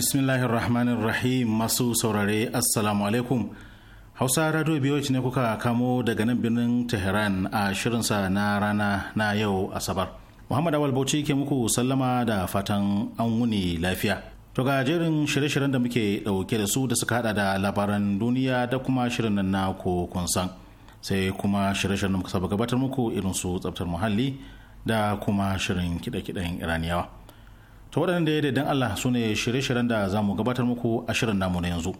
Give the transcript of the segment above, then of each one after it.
Bismillahirrahmanirrahim masu saurare Assalamu alaikum. Hausa Radio BOH ne kuka kamo daga nan birnin Tehran a shirinsa na rana na yau Asabar. Muhammad Awal Bauchi ke muku sallama da fatan an wuni lafiya. To ga jerin shirye-shiryen da muke dauke da su da suka hada da labaran duniya da kuma shirin nan na kun san. Sai kuma shirye-shiryen da muka saba gabatar muku irin su tsabtar muhalli da kuma shirin kide-kiden Iraniyawa. to waɗannan da ya dan Allah su ne shirye-shiryen da za mu gabatar muku a shirin namu na yanzu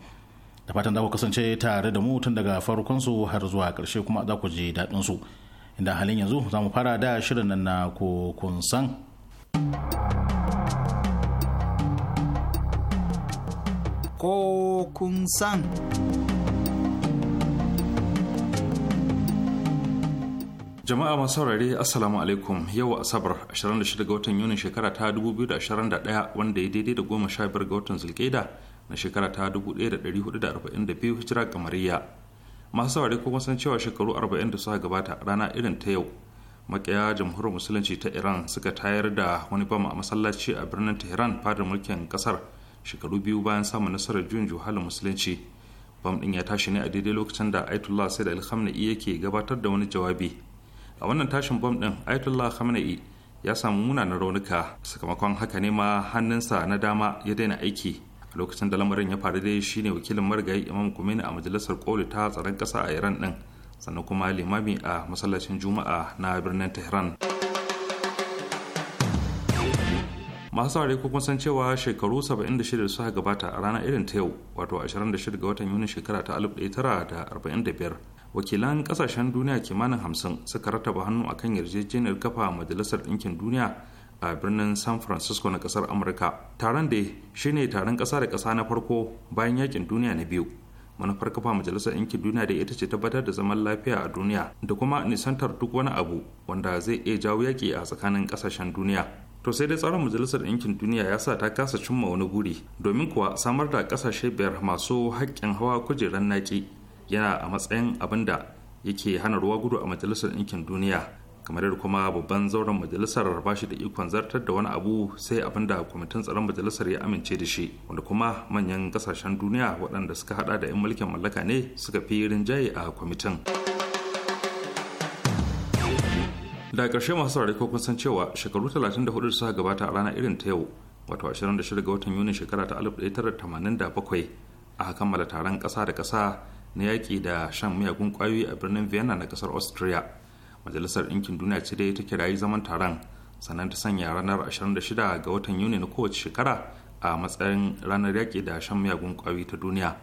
da fatan za ku kasance tare da mu tun daga farkon har zuwa ƙarshe kuma za ku ji daɗin su inda halin yanzu za mu fara da shirin nan na kun san ko kun san Jama'a masu saurare Assalamu alaikum yau Asabar 26 ga watan yuni shekara ta 2021 wanda ya daidai da 15 ga watan Zulkaida na shekara ta 1442 hijira kamariya. Masu saurare kuma san cewa shekaru 40 da suka gabata rana irin ta yau makiya jamhuriyar musulunci ta Iran suka tayar da wani bama a masallaci a birnin Tehran fadar mulkin kasar shekaru biyu bayan samun nasarar juyin juhalin musulunci. Bam din ya tashi ne a daidai lokacin da Aitullah sai al-Khamenei yake gabatar da wani jawabi a wannan tashin bom ɗin ayatollah khamenei ya samu munanan raunuka sakamakon haka ne ma hannunsa na dama ya daina aiki a lokacin da lamarin ya faru dai shine wakilin marigayi imam kumeni a majalisar koli ta tsaron kasa a iran ɗin sannan kuma limami a masallacin juma'a na birnin tehran masu saurari ko kun san cewa shekaru 76 suka gabata a ranar irin ta yau wato 26 ga watan yuni shekara ta 1945 wakilan kasashen duniya kimanin hamsin suka rataba hannu akan yarjejeniyar kafa majalisar ɗinkin duniya a birnin san francisco na kasar amurka taron da shine taron ƙasa da ƙasa na farko bayan yakin duniya na biyu manufar kafa majalisar ɗinkin duniya da ita ce tabbatar da zaman lafiya a duniya da kuma nisantar duk wani abu wanda zai iya jawo yaƙi a tsakanin kasashen duniya to sai dai tsarin majalisar ɗinkin duniya ya sa ta kasa cimma wani buri domin kuwa samar da ƙasashe biyar masu haƙƙin hawa kujerar naƙi yana a matsayin abin da yake hana ruwa gudu a majalisar ɗinkin duniya kamar yadda kuma babban zauren majalisar ba shi da ikon zartar da wani abu sai abin da kwamitin tsaron majalisar ya amince da shi wanda kuma manyan kasashen duniya waɗanda suka hada da 'yan mulkin mallaka ne suka fi rinjaye a kwamitin da ƙarshe masu saurari ko kun san cewa shekaru 34 da suka gabata a ranar irin ta yau wato 26 ga watan yuni shekara ta 1987 aka kammala taron kasa da kasa na yaƙi da shan miyagun ƙwayoyi a birnin vienna na ƙasar austria majalisar ɗinkin duniya ce dai ta kirayi zaman taron sannan ta sanya ranar 26 ga watan yuni na kowace shekara a matsayin ranar yaƙi da shan miyagun ƙwayoyi ta duniya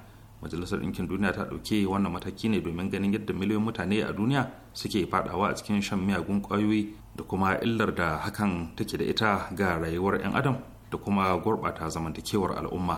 majalisar ɗinkin duniya ta ɗauke wannan mataki ne domin ganin yadda miliyoyin mutane a duniya suke faɗawa a cikin shan miyagun ƙwayoyi da kuma illar da hakan take da ita ga rayuwar 'yan adam da kuma gurɓata zamantakewar al'umma.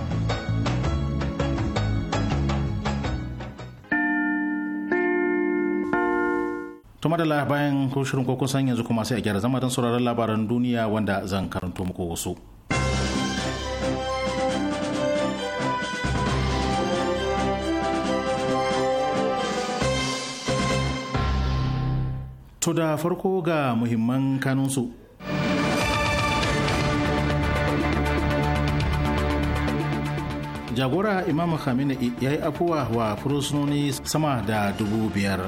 tuma da bayan shirin ko san yanzu kuma sai a gyara zama don sauraron labaran duniya wanda zan karanto muku wasu. To da farko ga muhimman kanunsu. Jagora Imam Khamenei ya yi afuwa wa fursunoni sama da dubu biyar.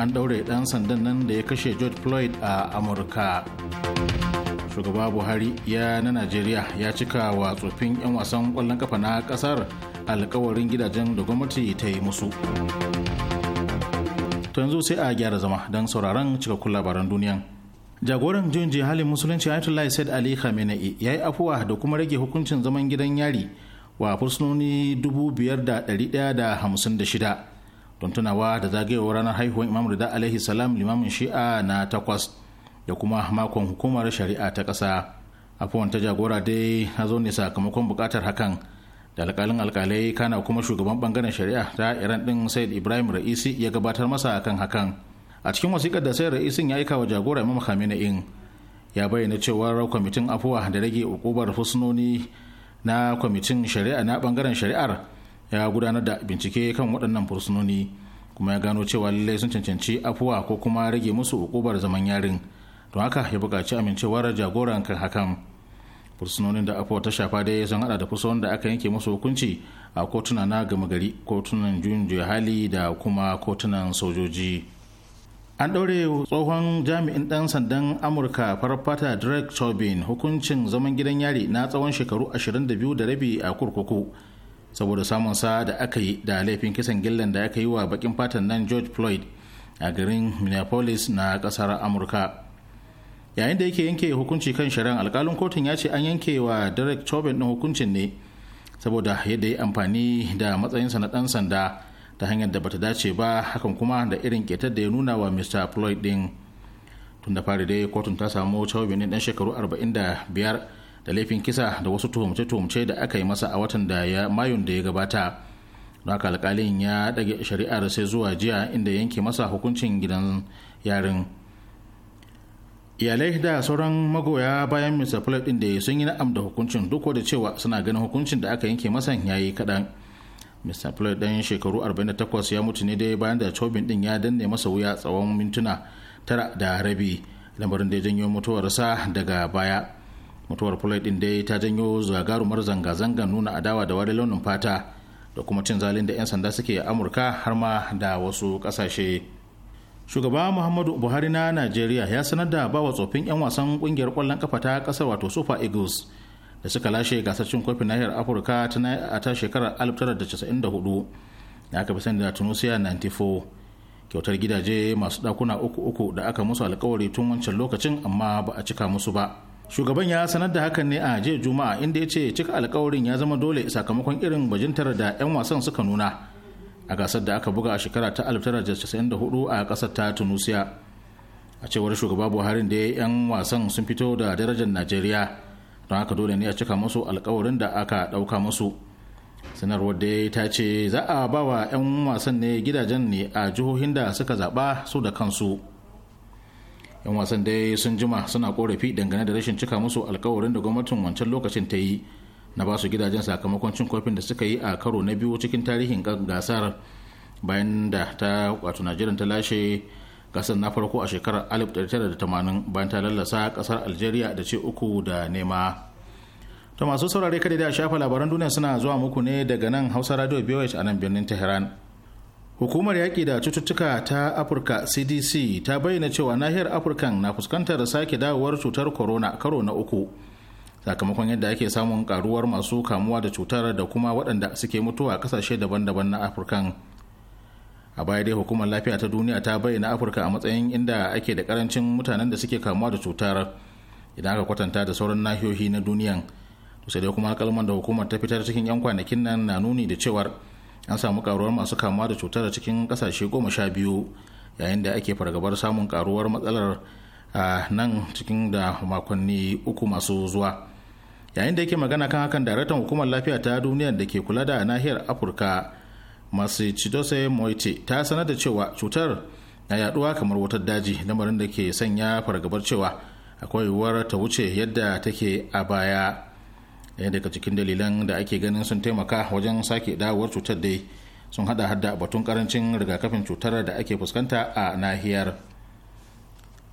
an ɗaure ɗan sandan nan da ya kashe george floyd a amurka shugaba buhari ya na najeriya ya cika wa tsofin 'yan wasan kwallon kafa na ƙasar alkawarin gidajen da gwamnati ta yi musu to yanzu sai a gyara zama don sauraron cikakkun labaran duniyan jagoran jin halin musulunci ayatollah said ali khamenei ya yi afuwa da kuma rage hukuncin zaman gidan yari wa fursunoni 5,156 don tunawa da zagayowar ranar haihuwar imam rida alaihi salam limamin shi'a na takwas da kuma makon hukumar shari'a ta ƙasa afuwan ta jagora dai na zo ne sakamakon buƙatar hakan da alƙalin alƙalai kana kuma shugaban bangaren shari'a ta iran din said ibrahim ra'isi ya gabatar masa akan hakan a cikin wasiƙar da said ra'isin ya aika wa jagora imam in ya bayyana cewa kwamitin afuwa da rage ukubar husnoni na kwamitin shari'a na bangaren shari'ar ya gudanar da bincike kan waɗannan fursunoni kuma ya gano cewa lallai sun cancanci afuwa ko kuma rage musu ukubar zaman yarin don haka ya buƙaci amincewar jagoran kan hakan fursunonin da afuwa ta shafa dai sun hada da fursunon da aka yanke musu hukunci a kotuna na gama gari kotunan juyin hali da kuma kotunan sojoji an ɗaure tsohon jami'in ɗan sandan amurka farfata drake tobin hukuncin zaman gidan yari na tsawon shekaru 22 da rabi a kurkuku saboda samun sa da aka yi da laifin kisan gillan da aka yi wa bakin fatan nan george floyd a garin minneapolis na kasar amurka yayin da yake yanke hukunci kan shirin alkalin kotun ya ce an yanke wa derek chauvin din hukuncin ne saboda yadda ya amfani da matsayinsa na dan sanda ta hanyar da bata dace ba hakan kuma da irin ketar da ya nuna wa mr floyd din tun da fari dai kotun ta samu chauvin din dan shekaru 45 da laifin kisa da wasu tuhumce-tuhumce da aka yi masa a watan da ya mayun da ya gabata don haka alkalin ya ɗage shari'ar sai zuwa jiya inda yanke masa hukuncin gidan yarin iyalai da sauran magoya bayan mr floyd ɗin da sun yi na'am da hukuncin duk da cewa suna ganin hukuncin da aka yanke masa ya yi kaɗan mr floyd ɗan shekaru 48 ya mutu ne dai bayan da cobin ɗin ya danne masa wuya tsawon mintuna tara da rabi lamarin da ya janyo mutuwarsa daga baya mutuwar floyd din dai ta janyo zagarumar zanga-zangar nuna adawa da wani launin fata da kuma cin zalin da 'yan sanda suke a amurka har ma da wasu kasashe shugaba muhammadu buhari na najeriya ya sanar da bawa tsofin 'yan wasan kungiyar kwallon kafa ta kasar wato super eagles da suka lashe gasar cin kofin nahiyar afirka ta ta shekarar 1994 da aka fi sani da tunisia 94 kyautar gidaje masu dakuna uku uku da aka musu alkawari tun wancan lokacin amma ba a cika musu ba shugaban ya sanar da hakan ne a jiya juma'a inda ya ce cika alkawarin ya zama dole sakamakon irin bajintar da 'yan wasan suka nuna a gasar da aka buga a shekara ta 1994 a kasar ta tunisia a cewar shugaba buhari da 'yan wasan sun fito da darajar najeriya don haka dole ne a cika musu alkawarin da aka ɗauka musu sanarwar da ta ce za a ba 'yan wasan ne gidajen ne a jihohin da suka zaɓa su da kansu yan wasan dai sun jima suna korafi dangane da rashin cika musu alkawarin da gwamnatin wancan lokacin ta yi na basu gidajen sakamakon cin kofin da suka yi a karo na biyu cikin tarihin gasar bayan da ta wato najeriya ta lashe gasar na farko a shekarar 1980 bayan ta lallasa kasar algeria da ce uku da nema to masu saurare kada da shafa labaran duniya suna zuwa muku ne daga nan hausa radio bh a nan birnin tehran Hukumar yaƙi da cututtuka ta Afirka CDC ta bayyana cewa nahiyar Afirkan na fuskantar sake dawowar cutar corona karo na uku. Sakamakon yadda ake samun karuwar masu kamuwa da cutar da kuma waɗanda suke mutuwa ƙasashe daban-daban na Afirkan. A baya dai hukumar lafiya ta duniya ta bayyana Afirka a matsayin inda ake da karancin mutanen da suke kamuwa da cutar idan aka kwatanta da sauran nahiyoyi na duniyan. Sai dai kuma kalman da hukumar ta fitar cikin 'yan kwanakin nan na nuni da cewar an samu karuwar masu kama da cutar a cikin kasashe goma sha biyu yayin da ake fargabar samun karuwar matsalar a nan cikin da makonni uku masu zuwa yayin da yake magana kan hakan daraktan hukumar lafiya ta duniyar da ke kula da nahiyar afirka masu chidose moite ta sanar da cewa cutar na yaduwa kamar wutar daji lamarin da ke sanya fargabar cewa akwai yiwuwar ta wuce yadda take a baya ɗaya daga cikin dalilan da ake ganin sun taimaka wajen sake dawowar cutar dai sun hada hada batun karancin rigakafin cutar da ake fuskanta a nahiyar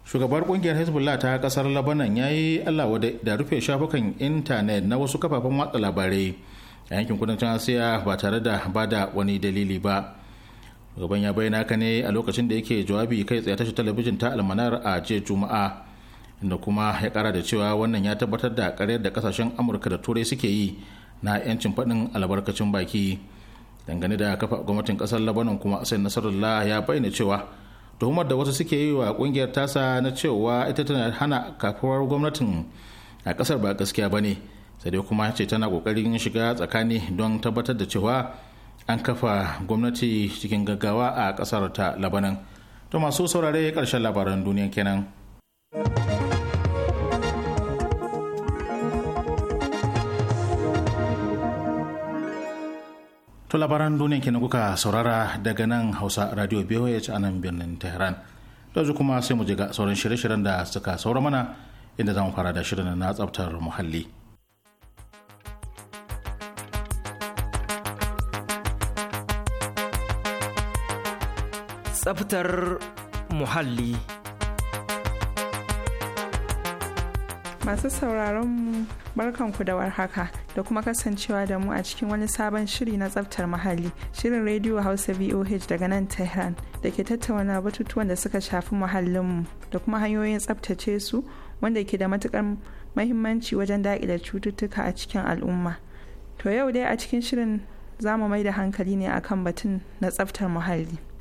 shugabar kungiyar hezbollah ta kasar labanan ya yi allah da rufe shafukan intanet na wasu kafafen watsa labarai a yankin kudancin asiya ba tare da bada wani dalili ba shugaban ya bayyana ka ne a lokacin da yake jawabi kai tsaye tashi talabijin ta almanar a jiya juma'a inda kuma ya kara da cewa wannan ya tabbatar da karyar da kasashen amurka da turai suke yi na 'yancin faɗin albarkacin baki dangane da kafa gwamnatin kasar labanon kuma sai nasarullah ya bayyana cewa tuhumar da wasu suke yi wa kungiyar tasa na cewa ita tana hana kafuwar gwamnatin a kasar ba gaskiya ba ne sai dai kuma ce tana kokarin shiga tsakani don tabbatar da cewa an kafa gwamnati cikin gaggawa a kasar ta labanon to masu saurare karshen labaran duniya kenan. To labaran duniya kenan kuka saurara daga nan Hausa Radio BOH a nan birnin Tehran. Yanzu kuma sai mu ga sauran shirye-shiryen da suka saura mana inda zamu fara da shirin na tsaftar muhalli. Tsaftar muhalli. Masu sauraron mu barkanku da warhaka da kuma kasancewa da mu a cikin wani sabon shiri na tsaftar muhalli shirin rediyo Hausa VOH daga nan Tehran da ke tattauna batutuwan da suka shafi muhallinmu da kuma hanyoyin tsaftace su wanda ke da matukar mahimmanci wajen daƙile cututtuka a cikin al'umma. To yau dai a cikin shirin za mu mai da hankali ne akan batun na tsaftar muhalli.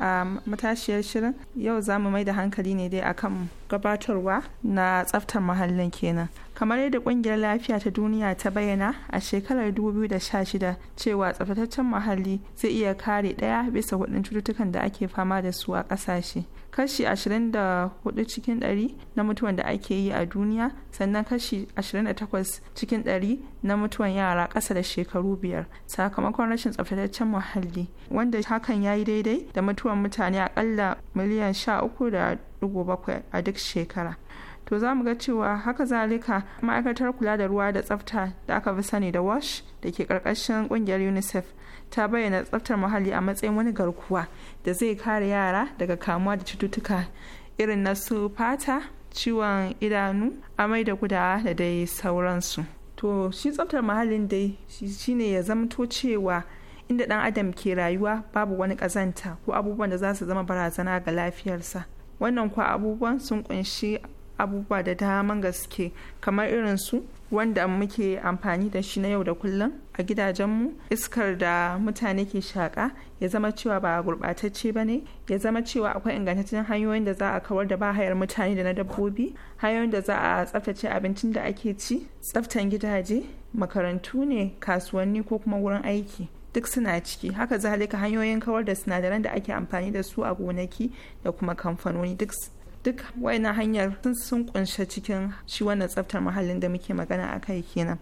a matashiyar shirin yau za mu mai da hankali ne dai akan gabatarwa na tsaftar muhallin kenan kamar yadda kungiyar lafiya ta duniya ta bayyana a shekarar 2016 cewa tsaftataccen muhalli zai iya kare daya bisa hudun cututtukan da ake fama da su a kasashe kashi 24 cikin 100 na mutuwan da ake yi a duniya sannan kashi 28 cikin 100 na mutuwan yara ƙasa da shekaru biyar sakamakon rashin tsaftataccen muhalli wanda hakan ya yi daidai da mutuwan mutane akalla miliyan 13.7 a duk shekara to za mu ga cewa haka zalika ma'aikatar kula da ruwa da tsafta da aka fi sani da wash da ke karkashin ƙungiyar unicef ta bayyana tsaftar muhalli a matsayin wani garkuwa da zai kare yara daga kamuwa da cututtuka irin na su fata ciwon idanu amai da gudawa da dai sauransu to shi tsaftar muhallin dai shi ne ya zamto cewa inda dan adam ke rayuwa babu wani kazanta ko abubuwan da za su zama barazana ga lafiyarsa wannan kuwa abubuwan sun kunshi abubuwa da daman gaske kamar irin su wanda muke amfani da shi na yau da kullum a gidajenmu iskar da mutane ke shaƙa ya zama cewa ba a gurɓatacce ba ne ya zama cewa akwai ingantaccen hanyoyin da za a kawar da bahayar mutane da na dabbobi hanyoyin da za a tsaftace abincin da ake ci tsaftan gidaje makarantu ne kasuwanni ko kuma wurin aiki duk suna ciki haka zalika hanyoyin kawar da sinadaran da ake amfani da su a gonaki da kuma kamfanoni duk duk wayannan hanyar sun sun kunshe cikin shi wannan tsaftar muhallin da muke magana a kai kenan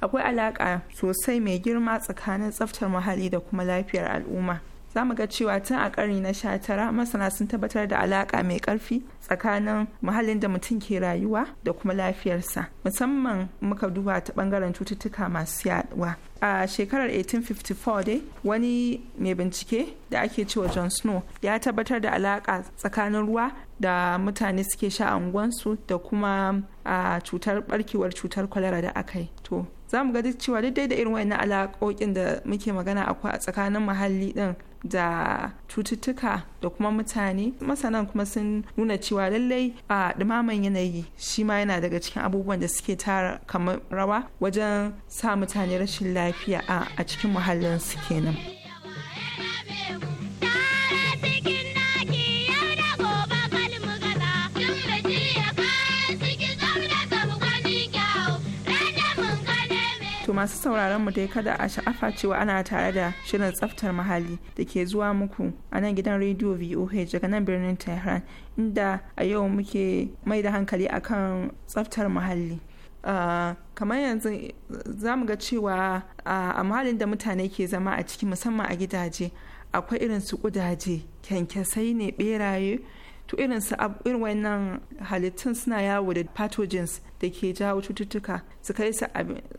akwai alaƙa sosai mai girma tsakanin tsaftar muhalli da kuma lafiyar al'umma za mu ga cewa tun a ƙari na sha tara masana sun tabbatar da alaƙa mai ƙarfi tsakanin muhallin da mutum ke rayuwa da kuma lafiyarsa musamman muka duba ta ɓangaren cututtuka masu yaduwa a shekarar 1854 dai wani mai bincike da ake cewa john snow ya tabbatar da alaƙa tsakanin ruwa da mutane suke sha unguwarsu da kuma a cutar barkewar cutar kwalara da aka yi to za mu ga duk cewa duk da irin wayannan alaƙoƙin da muke magana akwai a tsakanin muhalli din da cututtuka da kuma mutane masanan kuma sun nuna cewa lallai a ɗumaman yanayi shi ma yana daga cikin abubuwan da suke tara kamar rawa wajen sa mutane rashin lafiya a cikin muhallin su kenan. To masu sauraron mu dai kada a sha'afa cewa ana tare da shirin tsaftar muhalli da ke zuwa muku a nan gidan rediyo VOH daga nan birnin Tehran inda a yau muke mai da hankali akan tsaftar muhalli. kamar yanzu za mu ga cewa a muhallin da mutane ke zama a ciki musamman a gidaje akwai irin su kudaje kyankyasai ne beraye to irin su irin wayannan halittun suna yawo da pathogens da ke jawo cututtuka su kai su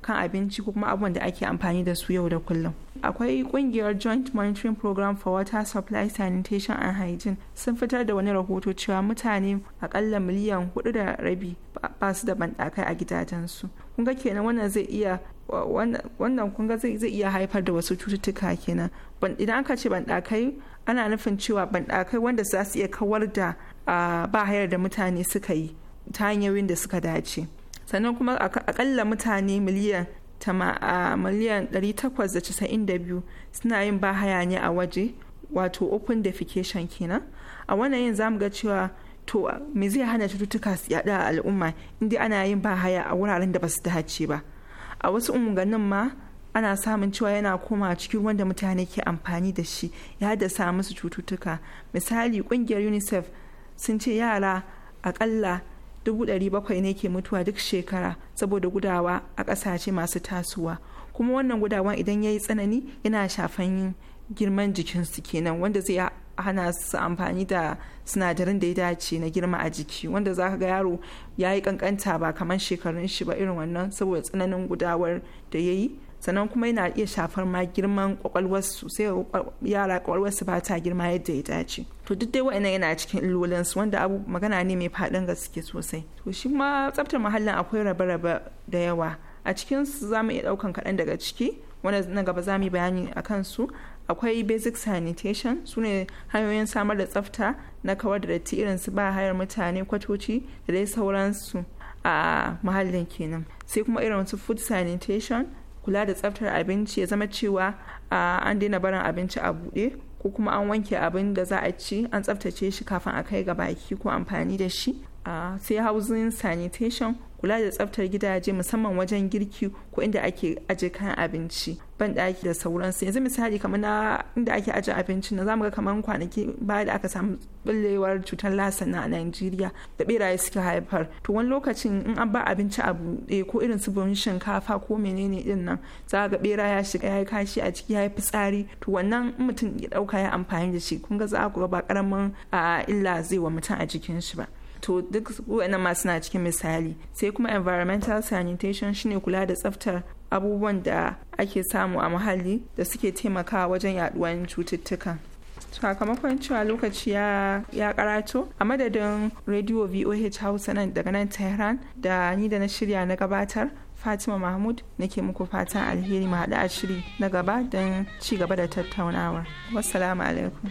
kan abinci ko kuma abubuwan da ake amfani da su yau da kullum akwai kungiyar joint monitoring program for water supply sanitation and hygiene sun fitar da wani rahoto cewa mutane akalla miliyan hudu da rabi ba su da banɗakai a gidajensu kun ga kenan wannan zai iya wannan kunga zai iya haifar da wasu cututtuka kenan idan aka ce banɗakai ana nufin cewa banɗakai wanda za su iya kawar da ba hayar da mutane suka yi ta hanyoyin da suka dace sannan kuma akalla mutane miliyan miliyan 892 suna yin ba ne a waje wato open defecation kenan a wannan yin zamu ga cewa to me zai hana cututtuka su yada a al'umma inda ana yin ba haya a wuraren da ba su dace ba a wasu unganin ma ana samun cewa yana koma cikin wanda mutane ke amfani da shi ya haddasa musu cututtuka misali kungiyar unicef sun ce yara akalla 700,000 ne ke mutuwa duk shekara saboda gudawa a ƙasashe masu tasowa kuma wannan gudawa idan ya yi tsanani yana shafan girman jikinsu kenan wanda zai hana su amfani da sinadarin da ya dace na girma a jiki wanda za ka ga yaro ya yi kankanta ba kamar shekarun shi ba irin wannan saboda tsananin gudawar da ya yi sannan kuma yana iya shafar ma girman kwakwalwarsu sai yara kwakwalwarsu ba ta girma yadda ya dace to duk dai wa'annan yana cikin illolinsu wanda abu magana ne mai faɗin gaske sosai to shi ma tsaftar muhallin akwai rabe-rabe da yawa a cikinsu za mu iya ɗaukan kaɗan daga ciki wanda na gaba za mu yi bayani a kansu akwai basic sanitation su ne hanyoyin samar da tsafta na kawar da datti irin su ba hayar mutane kwatoci da dai sauransu a muhallin kenan sai kuma irin su food sanitation kula da tsaftar abinci ya zama cewa an daina barin abinci a buɗe ko kuma an wanke abin da za a ci an tsaftace shi kafin a kai ga baki ko amfani da shi sai housing sanitation kula da tsaftar gidaje musamman wajen girki ko inda ake aje kayan abinci banɗaki da sauransu yanzu misali kamar na inda ake aje abinci na zamu ga kamar kwanaki baya da aka samu bullewar cutar lasa na Najeriya da beraye suke haifar to wani lokacin in an ba abinci a buɗe ko irin su bumin shinkafa ko menene din nan za ga bera ya shiga ya yi kashi a ciki ya yi fitsari to wannan mutum ya ɗauka ya amfani da shi kun ga za ku ga ba karamin ah, illa zai wa mutum a jikin shi ba to duk wa'annan masu na cikin misali sai kuma environmental sanitation shine kula da tsaftar abubuwan da ake samu a muhalli da suke taimakawa wajen yaduwan cututtuka sakamakon cewa lokaci ya karato a madadin radio voh hausa nan daga nan tehran da ni da na shirya na gabatar fatima mahmud nake muku fatan alheri ma haɗu shiri na gaba don ci gaba da tattaunawar wassalamu alaikum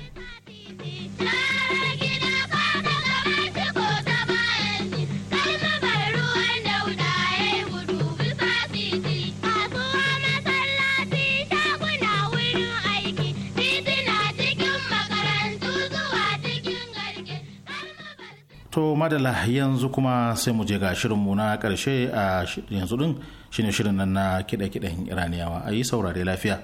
madala yanzu kuma sai mu je ga shirinmu na karshe a yanzu din shine shirin nan na kiɗe-kiɗen Iraniyawa ayi yi saurare lafiya.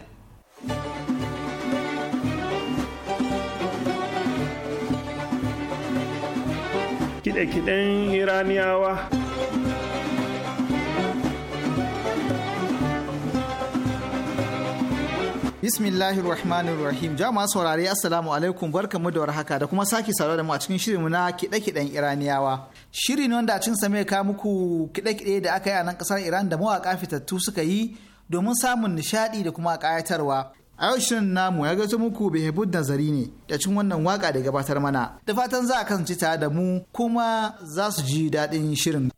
Kiɗe-kiɗen Iraniyawa. Bismillahir Rahmanir Rahim. Jama'a saurari Assalamu alaikum barkamu da warhaka da kuma sake saurare da mu a cikin shirinmu na kiɗe-kiɗen Iraniyawa. shirin wanda a cikin sa ka muku kiɗe-kiɗe da aka yi a nan ƙasar Iran da mawaka fitattu suka yi domin samun nishadi da kuma kayatarwa. A yau shirin namu ya gaito muku Behbud Nazari ne da cikin wannan waka da gabatar mana. Da fatan za a kasance tare da mu kuma za su ji daɗin shirin.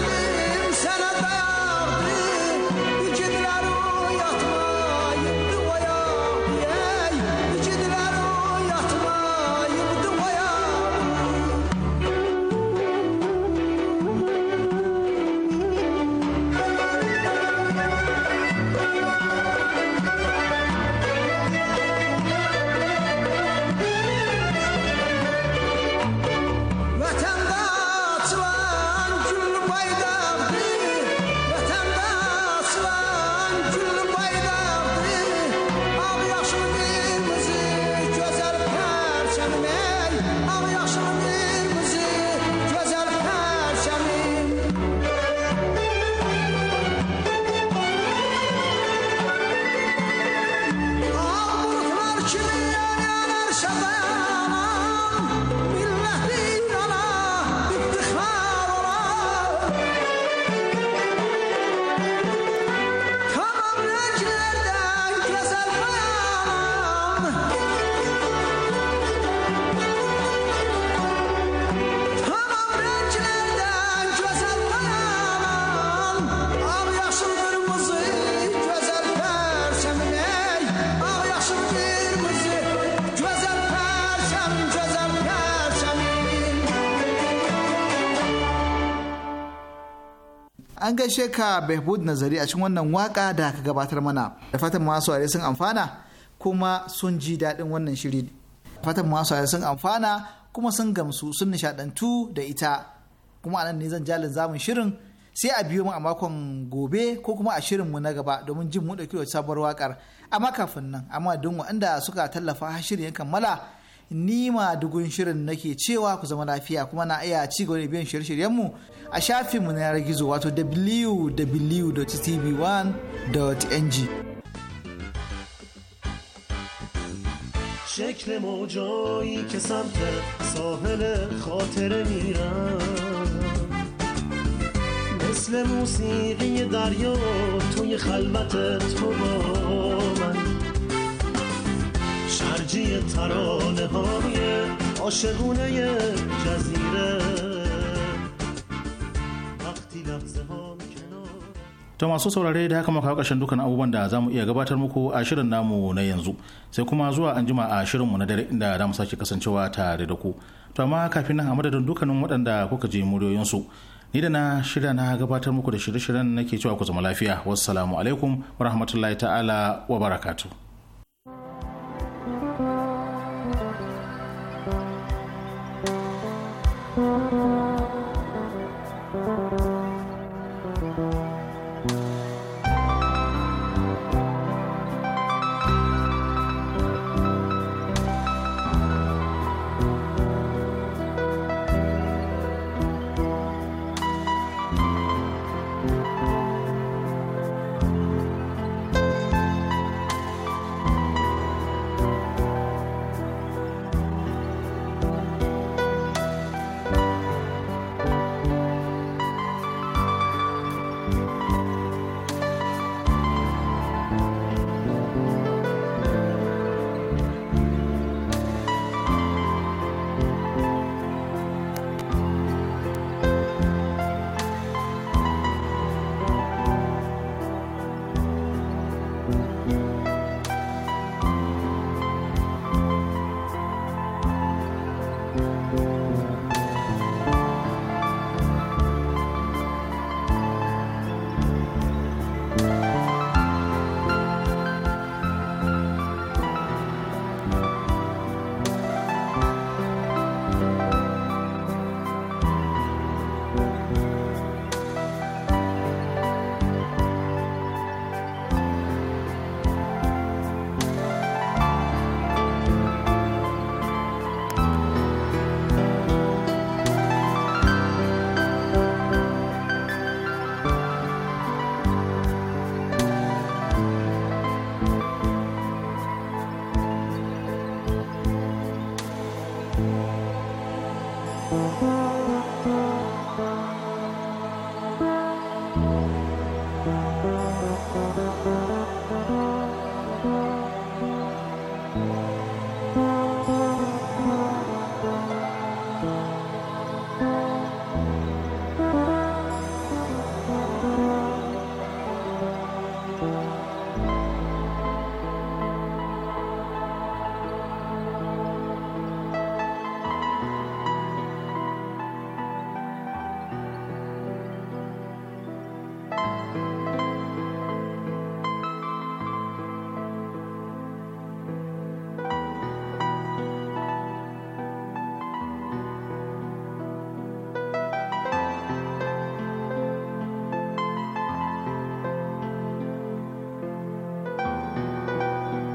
Yeah. you. an gaishe ka behbud nazari a cikin wannan waka da ka gabatar mana da fatan masu aure sun amfana kuma sun ji daɗin wannan shiri fatan masu aure sun amfana kuma sun gamsu sun nishadantu da ita kuma anan ne zan jalin zamun shirin sai a biyo mu a makon gobe ko kuma a shirin mu na gaba domin jin mu dauki sabuwar wakar amma kafin nan amma don waɗanda suka tallafa shirin ya kammala ni ma dugun shirin nake cewa ku zama lafiya kuma na iya ci gaba da biyan shirye-shiryenmu a shafinmu na yanar gizo wato www.tv1.ng شکل موجایی که سمت ساحل خاطره میرم مثل موسیقی دریا توی خلوت تو با من شرجی ترانه های عاشقونه جزیره وقتی لحظه ها to masu saurare da haka muka kawo dukkan abubuwan da za mu iya gabatar muku a shirin namu na yanzu sai kuma zuwa an jima a shirinmu na dare inda za mu sake kasancewa tare da ku to amma kafin nan a madadin dukkanin waɗanda kuka je muryoyinsu ni da na shirya na gabatar muku da shirye-shiryen nake cewa ku zama lafiya wassalamu alaikum wa rahmatullahi ta'ala wa barakatu. Thank you.